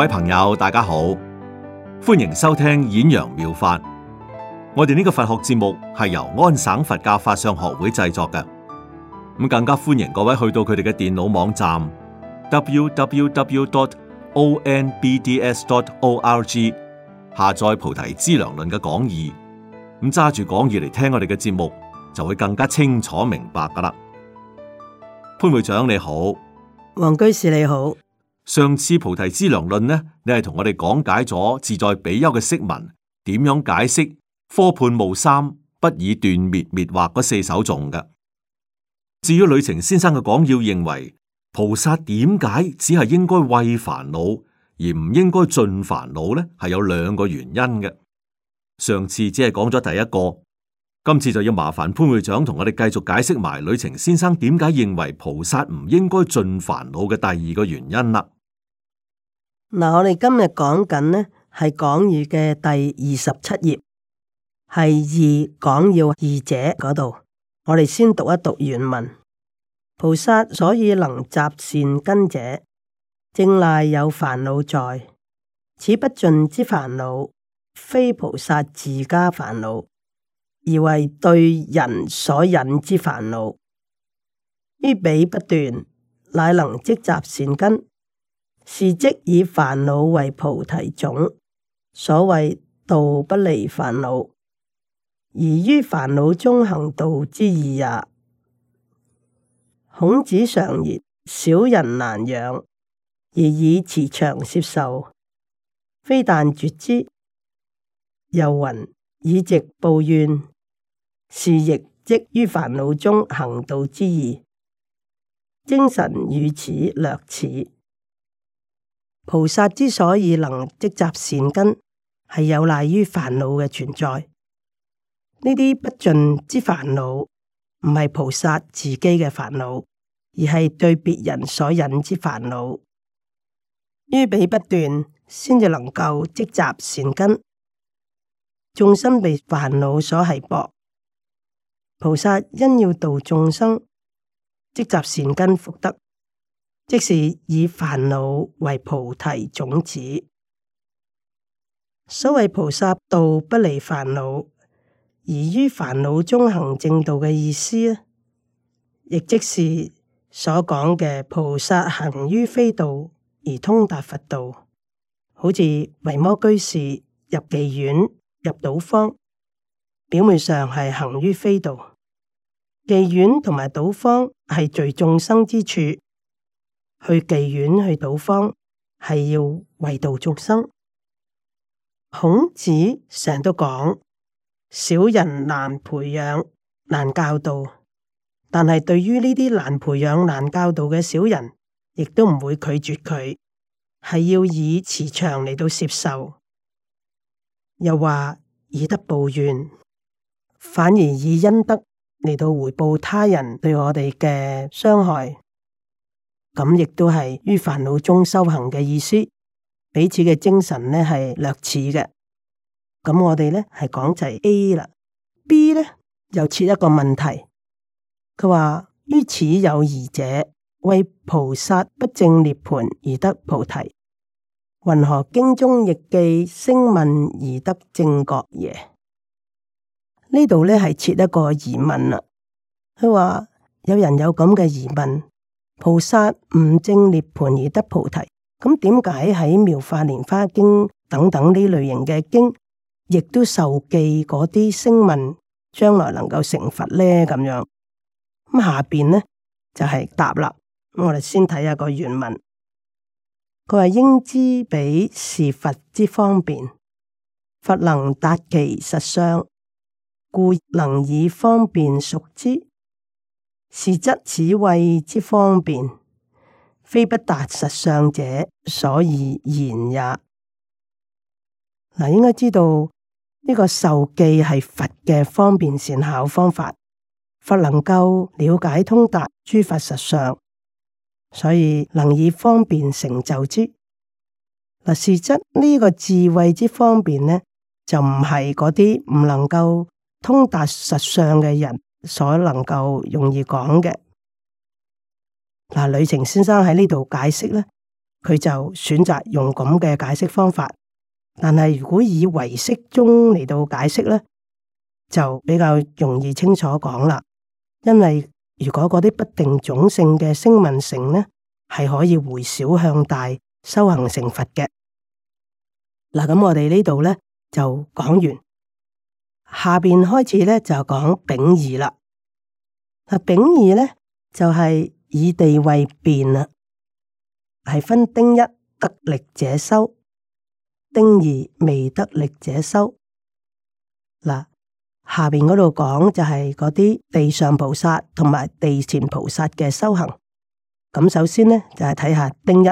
各位朋友，大家好，歡迎收聽演揚妙，妙法。我哋呢個佛學節目係由安省佛教法相學會製作嘅。咁更加歡迎各位去到佢哋嘅電腦網站 www.onbds.org 下載《菩提資糧論》嘅講義。咁揸住講義嚟聽我哋嘅節目，就會更加清楚明白噶啦。潘會長你好，黃居士你好。上次《菩提之良論》呢，你係同我哋講解咗志在比丘嘅釋文，點樣解釋科判無三不以斷滅滅或嗰四手眾嘅。至於呂程先生嘅講，要認為菩薩點解只係應該為煩惱而唔應該盡煩惱呢？係有兩個原因嘅。上次只係講咗第一個，今次就要麻煩潘會長同我哋繼續解釋埋呂程先生點解認為菩薩唔應該盡煩惱嘅第二個原因啦。嗱，我哋今日講緊呢係講義嘅第二十七頁，係二講要二者嗰度。我哋先讀一讀原文。菩薩所以能集善根者，正賴有煩惱在。此不盡之煩惱，非菩薩自家煩惱，而為對人所引之煩惱。於彼不斷，乃能積集善根。是即以煩惱為菩提種，所謂道不離煩惱，而於煩惱中行道之義也。孔子常言，小人難養，而以慈祥接受，非但絕之，又云以直報怨，是亦即於煩惱中行道之義。精神如此略似。菩薩之所以能積集善根，係有賴於煩惱嘅存在。呢啲不盡之煩惱，唔係菩薩自己嘅煩惱，而係對別人所引之煩惱。於彼不斷，先至能夠積集善根。眾生被煩惱所繫縛，菩薩因要度眾生，積集善根福德。即是以煩惱為菩提種子，所謂菩薩道不離煩惱，而於煩惱中行正道嘅意思咧，亦即是所講嘅菩薩行於非道而通達佛道。好似維摩居士入妓院、入賭坊，表面上係行於非道，妓院同埋賭坊係聚眾生之處。去妓院去賭坊係要為度眾生。孔子成日都講小人難培養難教導，但係對於呢啲難培養難教導嘅小人，亦都唔會拒絕佢，係要以慈祥嚟到接受。又話以德報怨，反而以恩德嚟到回報他人對我哋嘅傷害。咁亦都係於煩惱中修行嘅意思，彼此嘅精神呢係略似嘅。咁我哋呢係講就係 A 啦，B 呢又設一個問題。佢話於此有疑者，為菩薩不正涅槃而得菩提，云何經中亦記聲聞而得正覺耶？呢度呢係設一個疑問啦。佢話有人有咁嘅疑問。菩薩悟正涅槃而得菩提，咁點解喺妙法蓮花經等等呢類型嘅經，亦都受記嗰啲聲聞將來能夠成佛呢？咁樣，咁下邊呢，就係、是、答啦。咁我哋先睇下個原文，佢話應知彼是佛之方便，佛能達其實相，故能以方便熟知。」是則此慧之方便，非不達實相者所以言也。嗱，應該知道呢個受記係佛嘅方便善巧方法，佛能夠了解通達諸法實相，所以能以方便成就之。嗱，是則呢個智慧之方便呢，就唔係嗰啲唔能夠通達實相嘅人。所能夠容易講嘅，嗱、呃，呂澄先生喺呢度解釋咧，佢就選擇用咁嘅解釋方法。但係如果以唯識宗嚟到解釋咧，就比較容易清楚講啦。因為如果嗰啲不定種性嘅聲聞乘咧，係可以回小向大修行成佛嘅。嗱，咁我哋呢度咧就講完。下邊開始咧就講丙二啦。嗱，丙二咧就係、是、以地位辨啦，係分丁一得力者修，丁二未得力者修。嗱，下邊嗰度講就係嗰啲地上菩薩同埋地前菩薩嘅修行。咁首先咧就係、是、睇下丁一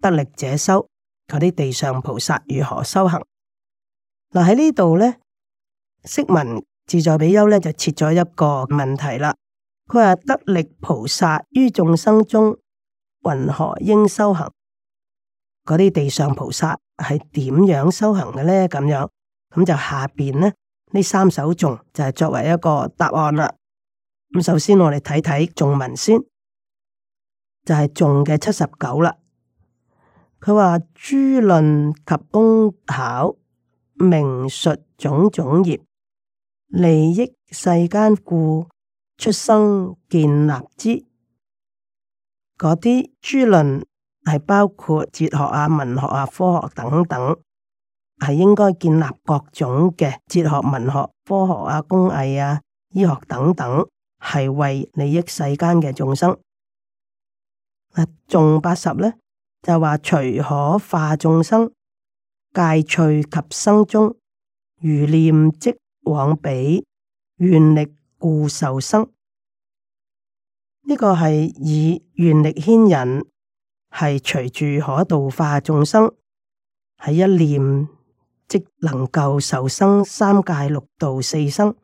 得力者修嗰啲地上菩薩如何修行。嗱喺呢度咧。釋文自在比丘咧就設咗一個問題啦。佢話，得力菩薩於眾生中云何應修行？嗰啲地上菩薩係點樣修行嘅咧？咁樣咁就下邊呢？呢三首頌就係作為一個答案啦。咁首先我哋睇睇頌文先，就係頌嘅七十九啦。佢話，諸論及工巧。名術，種種業，利益世間故，出生建立之。嗰啲諸論係包括哲學啊、文學啊、科學等等，係應該建立各種嘅哲學、文學、科學啊、工藝啊、醫學等等，係為利益世間嘅眾生。嗱，眾八十咧，就話隨可化眾生。界趣及生中，如念即往彼，願力故受生。呢、呢個係以願力牽引，係隨住可度化眾生，係一念即能夠受生三界六道四生，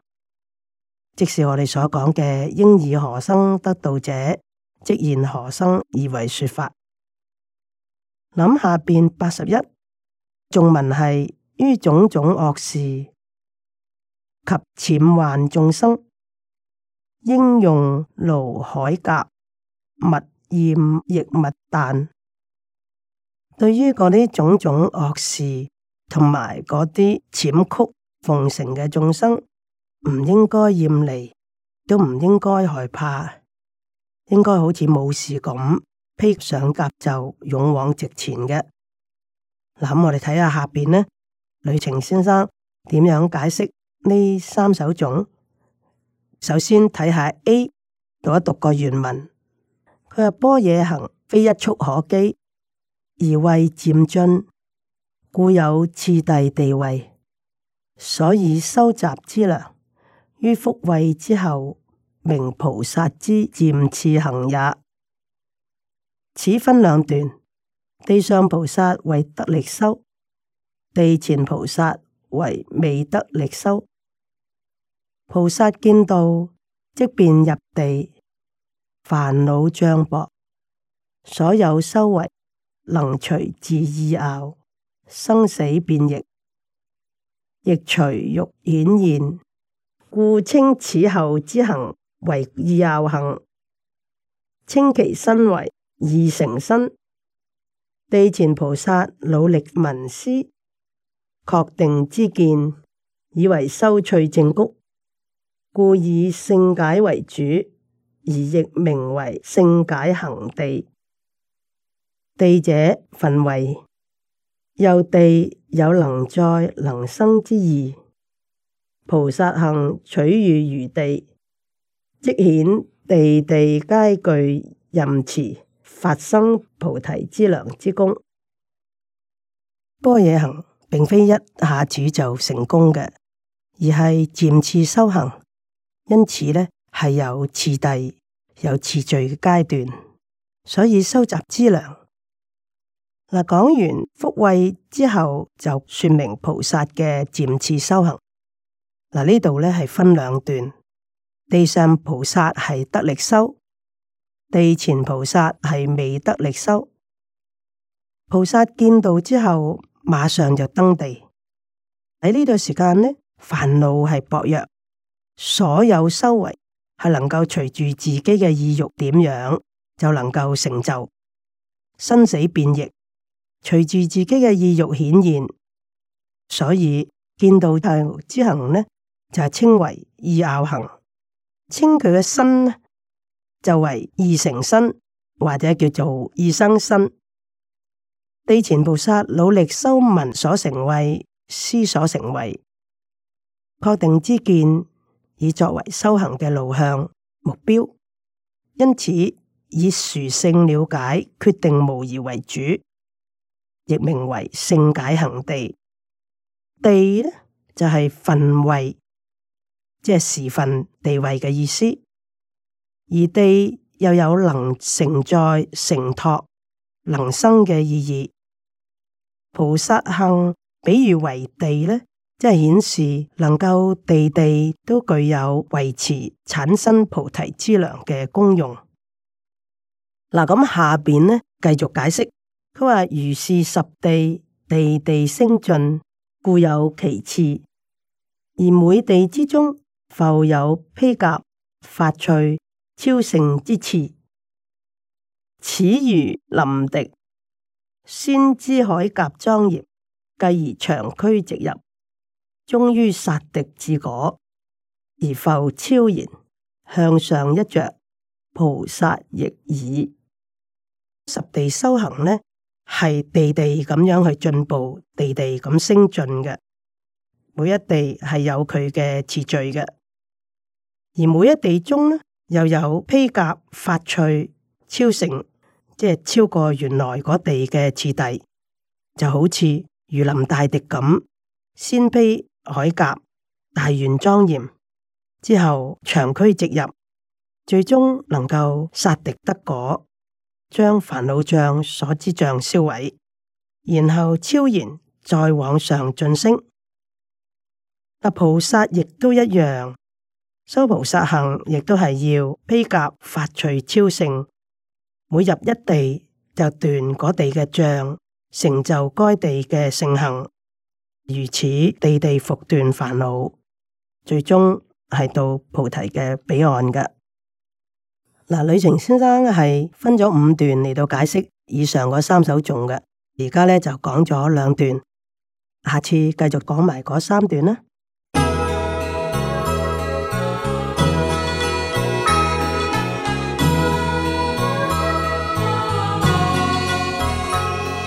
即是我哋所講嘅應以何生得度者，即現何生而為說法。諗下邊八十一。眾民係於種種惡事及諂患眾生，應用牢鎧甲勿厭亦勿憚。對於嗰啲種種惡事同埋嗰啲諂曲奉承嘅眾生，唔應該厭離，都唔應該害怕，應該好似冇事咁披上甲冑勇往直前嘅。諗、嗯、我哋睇下下邊呢，呂程先生點樣解釋呢三首頌？首先睇下 A，讀一讀個原文。佢話波野行非一蹴可及，而為漸進，故有次第地位。所以收集之糧，於福慧之後，明菩薩之漸次行也。此分兩段。地上菩薩為得力修，地前菩薩為未得力修。菩薩見到即便入地，煩惱障薄，所有修為能隨自意拗，生死變易，亦隨欲顯現，故稱此後之行為意拗行，稱其身為意成身。地前菩薩努力聞思，確定之見，以為修趣正谷，故以聖解為主，而亦名為聖解行地。地者，分位，又地有能載能生之意。菩薩行取於餘地，即顯地地皆具任慈。發生菩提資糧之功，般若行並非一下子就成功嘅，而係漸次修行，因此呢，係有次第、有次序嘅階段。所以收集資糧，嗱，講完福慧之後，就說明菩薩嘅漸次修行。嗱，呢度咧係分兩段，地上菩薩係得力修。地前菩薩係未得力修，菩薩見到之後馬上就登地。喺呢段時間呢，煩惱係薄弱，所有修為係能夠隨住自己嘅意欲點樣就能夠成就，生死變易隨住自己嘅意欲顯現。所以見到行之行呢，就係稱為意拗行，稱佢嘅身就為異成身，或者叫做異生身。地前菩薩努力修聞所成慧、思所成慧，確定之見，以作為修行嘅路向目標。因此，以殊勝了解決定無疑為主，亦名為勝解行地。地咧就係、是、分位，即係時分地位嘅意思。而地又有能承載、承托、能生嘅意義。菩薩行比喻為地呢，即係顯示能夠地地都具有維持產生菩提之糧嘅功用。嗱、啊，咁下邊呢，繼續解釋，佢話如是十地，地地升進，故有其次。而每地之中，復有披甲發趣。超盛之次，始如臨敵，先知鎧甲莊嚴，繼而長驅直入，終於殺敵自果，而浮超然向上一着，菩薩亦已十地修行呢，係地地咁樣去進步，地地咁升進嘅，每一地係有佢嘅次序嘅，而每一地中咧。又有披甲發趣，超城，即係超過原來嗰地嘅次第，就好似如臨大敵咁，先披鎧甲，大願莊嚴，之後長驅直入，最終能夠殺敵得果，將煩惱障所知障銷毀，然後超然再往上晉升。阿菩薩亦都一樣。修菩薩行亦都係要披甲發趣，超勝，每入一地就斷嗰地嘅障，成就該地嘅聖行，如此地地復斷煩惱，最終係到菩提嘅彼岸噶。嗱，呂程先生係分咗五段嚟到解釋以上嗰三首頌嘅，而家呢，就講咗兩段，下次繼續講埋嗰三段啦。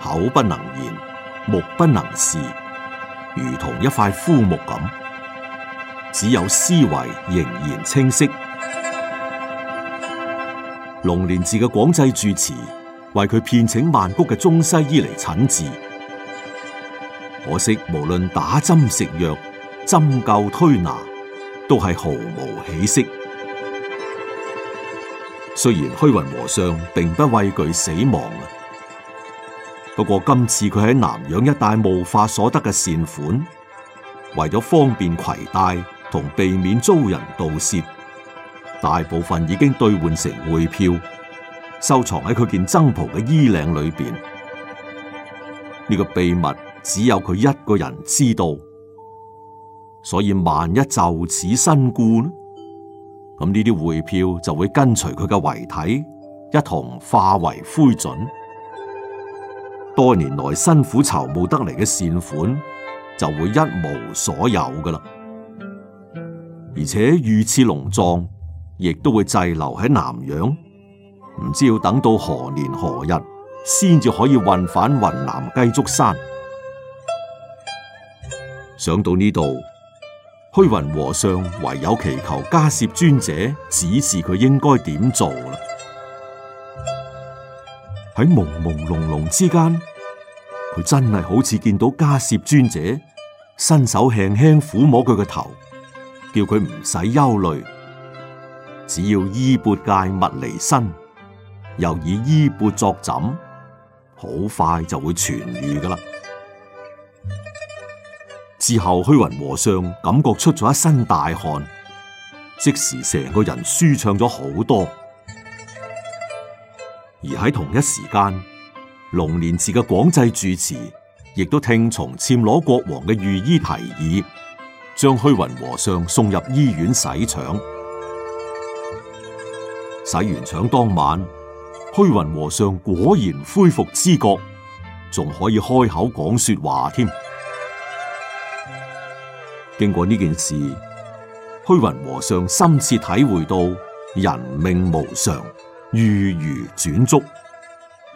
口不能言，目不能視，如同一塊枯木咁，只有思維仍然清晰。龍蓮寺嘅廣濟住持為佢聘請曼谷嘅中西醫嚟診治，可惜無論打針食藥，針灸推拿，都係毫無起色。雖然虛雲和尚并不畏懼死亡。不過今次佢喺南洋一帶募化所得嘅善款，為咗方便攜帶同避免遭人盜竊，大部分已經兌換成匯票，收藏喺佢件僧袍嘅衣領裏邊。呢、呢個秘密只有佢一個人知道，所以萬一就此身故呢，咁呢啲匯票就會跟隨佢嘅遺體一同化為灰燼。多年來辛苦籌募得嚟嘅善款就會一無所有噶啦，而且御賜龍藏亦都會滯留喺南洋，唔知要等到何年何日先至可以運返雲南雞足山。想到呢度，虛雲和尚唯有祈求迦葉尊者指示佢應該點做啦。喺朦朦朧朧之間，佢真係好似見到迦葉尊者伸手輕輕撫摸佢嘅頭，叫佢唔使憂慮，只要衣鉢戒勿離身，又以衣鉢作枕，好快就會痊愈噶啦。之後虛雲和尚感覺出咗一身大汗，即時成個人舒暢咗好多。而喺同一時間，龍年寺嘅廣濟住持亦都聽從暹羅國王嘅御醫提議，將虛雲和尚送入醫院洗腸。洗完腸當晚，虛雲和尚果然恢復知覺，仲可以開口講說話添。經過呢件事，虛雲和尚深切體會到人命無常。如如轉足，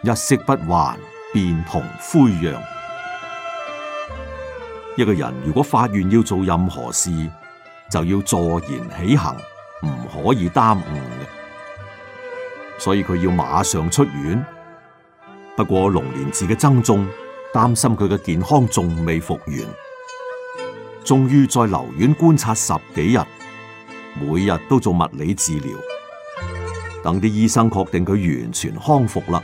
一息不還，便同灰壤。一個人如果發願要做任何事，就要坐言起行，唔可以耽誤嘅。所以佢要馬上出院。不過龍蓮寺嘅僧眾擔心佢嘅健康仲未復原，終於在留院觀察十幾日，每日都做物理治療。等啲醫生確定佢完全康復啦，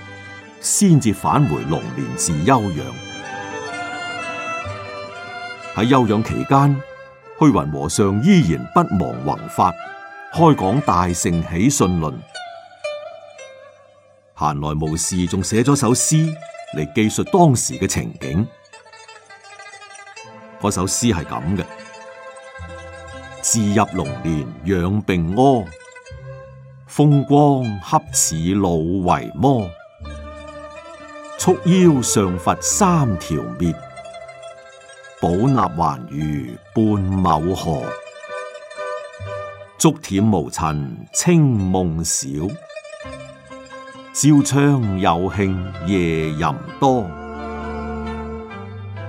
先至返回龍年寺休養。喺休養期間，虛雲和尚依然不忘弘法，開講《大乘起信論》。閒來無事，仲寫咗首詩嚟記述當時嘅情景。嗰首詩係咁嘅：自入龍年養病屙。風光恰似老維摩，束腰上佛三條滅，寶納還如半畝荷，竹恬無塵清夢少，簫窗有興夜吟多。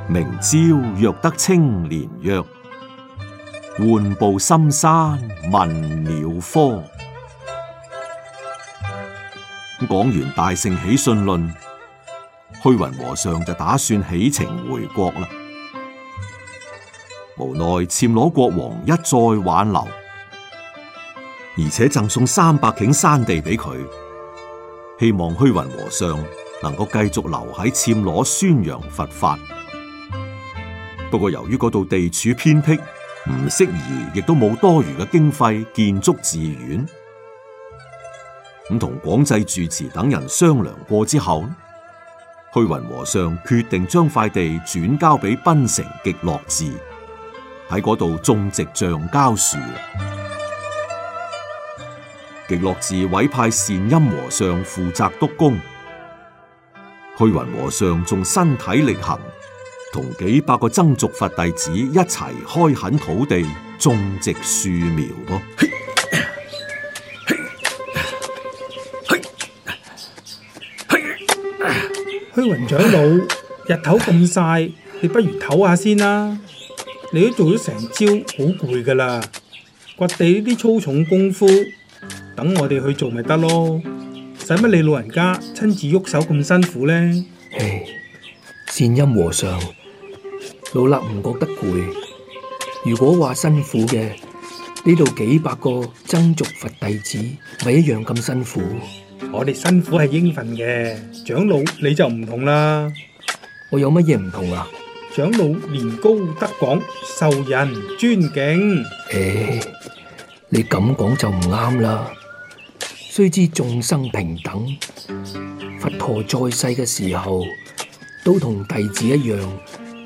明朝若得青蓮約，緩步深山聞鳥科。講完大乘起信論，虛雲和尚就打算起程回國啦。無奈暹羅國王一再挽留，而且贈送三百頃山地俾佢，希望虛雲和尚能夠繼續留喺暹羅宣揚佛法。不過由於嗰度地處偏僻，唔適宜，亦都冇多餘嘅經費建築寺院。咁同廣濟住持等人商量過之後，虛雲和尚決定將塊地轉交俾檳城極樂寺，喺嗰度種植橡膠樹。極樂寺委派善音和尚負責督工，虛雲和尚仲身體力行，同幾百個僧俗佛弟子一齊開墾土地、種植樹苗噃。虛雲長老，日頭咁晒，你不如唞下先啦。你都做咗成朝，好攰噶啦。掘地呢啲粗重功夫，等我哋去做咪得咯。使乜你老人家親自喐手咁辛苦咧？唉，善音和尚，老衲唔覺得攰。如果話辛苦嘅，呢度幾百個僧俗佛弟子，咪一樣咁辛苦。我哋辛苦係應份嘅，長老你就唔同啦。我有乜嘢唔同啊？長老年高德廣，受人尊敬。誒，你咁講就唔啱啦。雖知眾生平等，佛陀在世嘅時候都同弟子一樣，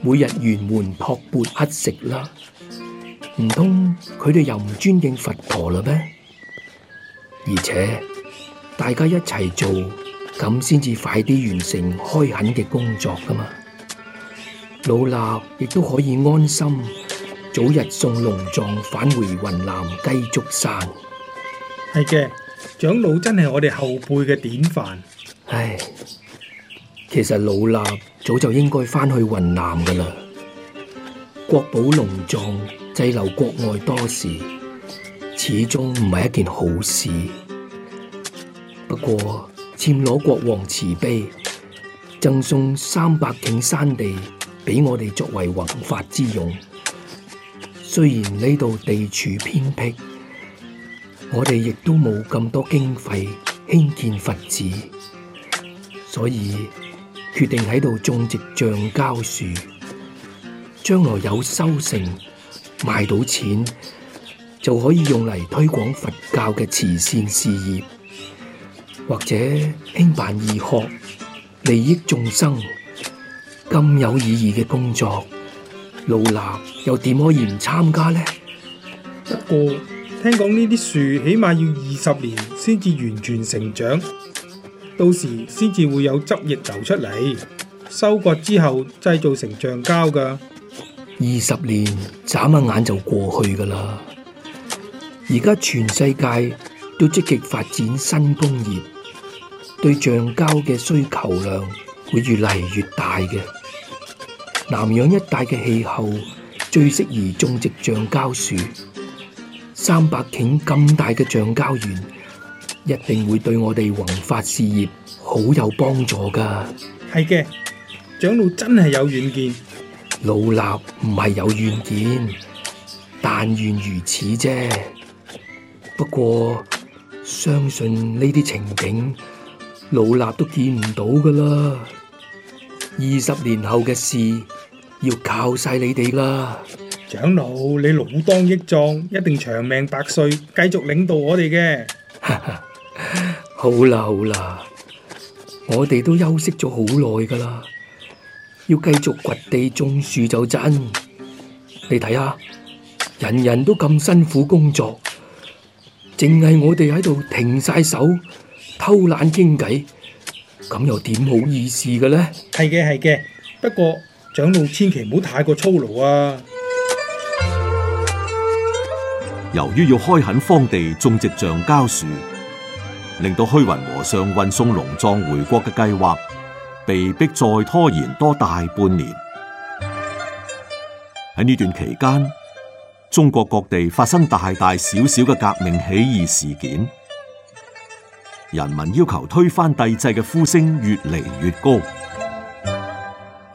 每日沿門托鉢乞食啦。唔通佢哋又唔尊敬佛陀嘞咩？而且。大家一齊做，咁先至快啲完成開墾嘅工作噶嘛。老衲亦都可以安心早日送龍藏返回雲南雞足山。係嘅，長老真係我哋後輩嘅典範。唉，其實老衲早就應該返去雲南噶啦。國寶龍藏滯留國外多時，始終唔係一件好事。不過，暹羅國王慈悲，贈送三百頃山地俾我哋作為弘法之用。雖然呢度地處偏僻，我哋亦都冇咁多經費興建佛寺，所以決定喺度種植橡膠樹。將來有收成，賣到錢就可以用嚟推廣佛教嘅慈善事業。或者興辦義學，利益眾生，咁有意義嘅工作，老衲又點可以唔參加呢？不過聽講呢啲樹起碼要二十年先至完全成長，到時先至會有汁液流出嚟，收割之後製造成橡膠噶。二十年眨下眼就過去噶啦，而家全世界都積極發展新工業。對橡膠嘅需求量會越嚟越大嘅。南洋一帶嘅氣候最適宜種植橡膠樹，三百頃咁大嘅橡膠園一定會對我哋宏發事業好有幫助噶。係嘅，長老真係有遠見。老衲唔係有遠見，但願如此啫。不過相信呢啲情景。老衲都見唔到噶啦，二十年後嘅事要靠晒你哋啦。長老，你老當益壯，一定長命百歲，繼續領導我哋嘅。 好啦好啦，我哋都休息咗好耐噶啦，要繼續掘地種樹就真。你睇下，人人都咁辛苦工作，淨係我哋喺度停晒手。偷懶傾偈，咁又點好意思嘅咧？係嘅，係嘅。不過長老千祈唔好太過操勞啊！由於要開墾荒地種植橡膠樹，令到虛雲和尚運送龍藏回國嘅計劃，被迫再拖延多大半年。喺呢段期間，中國各地發生大大小小嘅革命起義事件。人民要求推翻帝制嘅呼聲越嚟越高，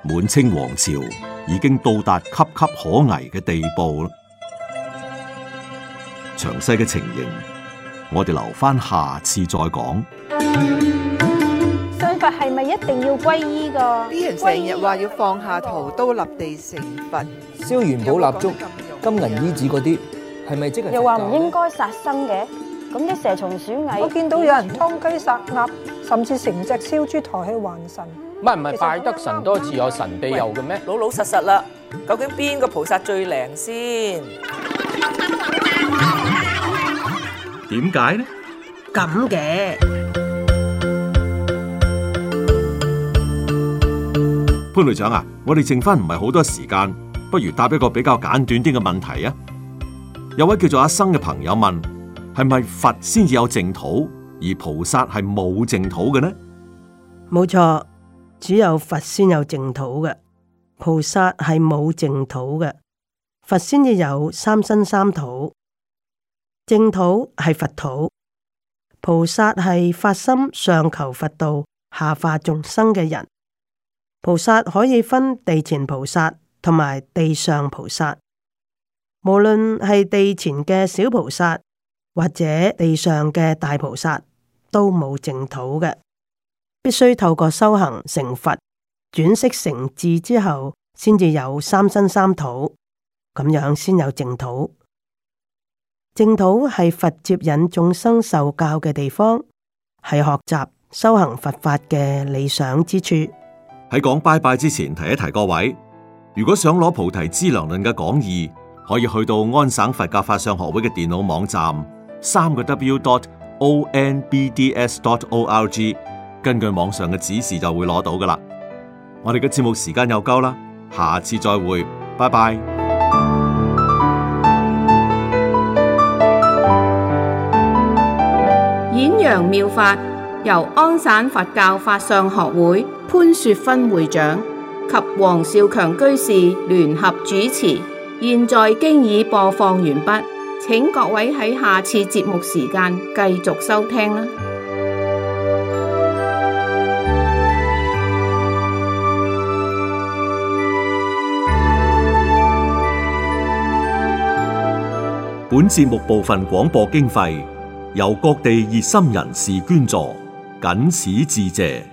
滿清王朝已經到達岌岌可危嘅地步啦。詳細嘅情形，我哋留翻下，下次再講。信佛係咪一定要皈依噶？啲人成日話要放下屠刀立地成佛，燒元寶蠟燭、金銀衣紙嗰啲，係咪、啊、即係又話唔應該殺生嘅？咁啲蛇蟲鼠蟻，我見到有人劏雞殺鴨，甚至成隻燒豬抬去還神。唔係唔係，拜得神多自有神庇佑嘅咩？老老實實啦，究竟邊個菩薩最靈先？點解呢？咁嘅潘隊長啊，我哋剩翻，唔係好多時間，不如答一個比較簡短啲嘅問題啊！有位叫做阿生嘅朋友問。係咪佛先至有淨土，而菩薩係冇淨土嘅呢？冇錯，只有佛先有淨土嘅，菩薩係冇淨土嘅。佛先至有三身三土，淨土係佛土，菩薩係發心上求佛道、下化眾生嘅人。菩薩可以分地前菩薩同埋地上菩薩，無論係地前嘅小菩薩。或者地上嘅大菩薩都冇淨土嘅，必須透過修行成佛轉識成智之後，先至有三身三土咁樣，先有淨土。淨土係佛接引眾生受教嘅地方，係學習修行佛法嘅理想之處。喺講拜拜之前提一提各位，如果想攞菩提資糧論嘅講義，可以去到安省佛教法相學會嘅電腦網站。三個 w.dot.o.n.b.d.s.dot.o.r.g，根據網上嘅指示就會攞到噶啦。我哋嘅節目時間又夠啦，下次再會，拜拜。演揚妙法由安省佛教法相學會潘雪芬會長及黃少強居士聯合主持，現在經已播放完畢。請各位喺下次節目時間繼續收聽啦。本節目部分廣播經費由各地熱心人士捐助，謹此致謝。